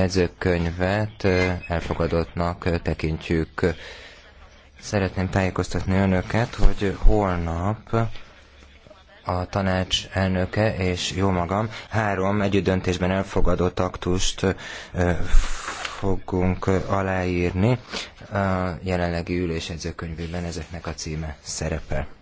jegyzőkönyvet elfogadottnak tekintjük. Szeretném tájékoztatni önöket, hogy holnap a tanács elnöke és jó magam három döntésben elfogadott aktust fogunk aláírni. A jelenlegi ülés jegyzőkönyvében ezeknek a címe szerepel.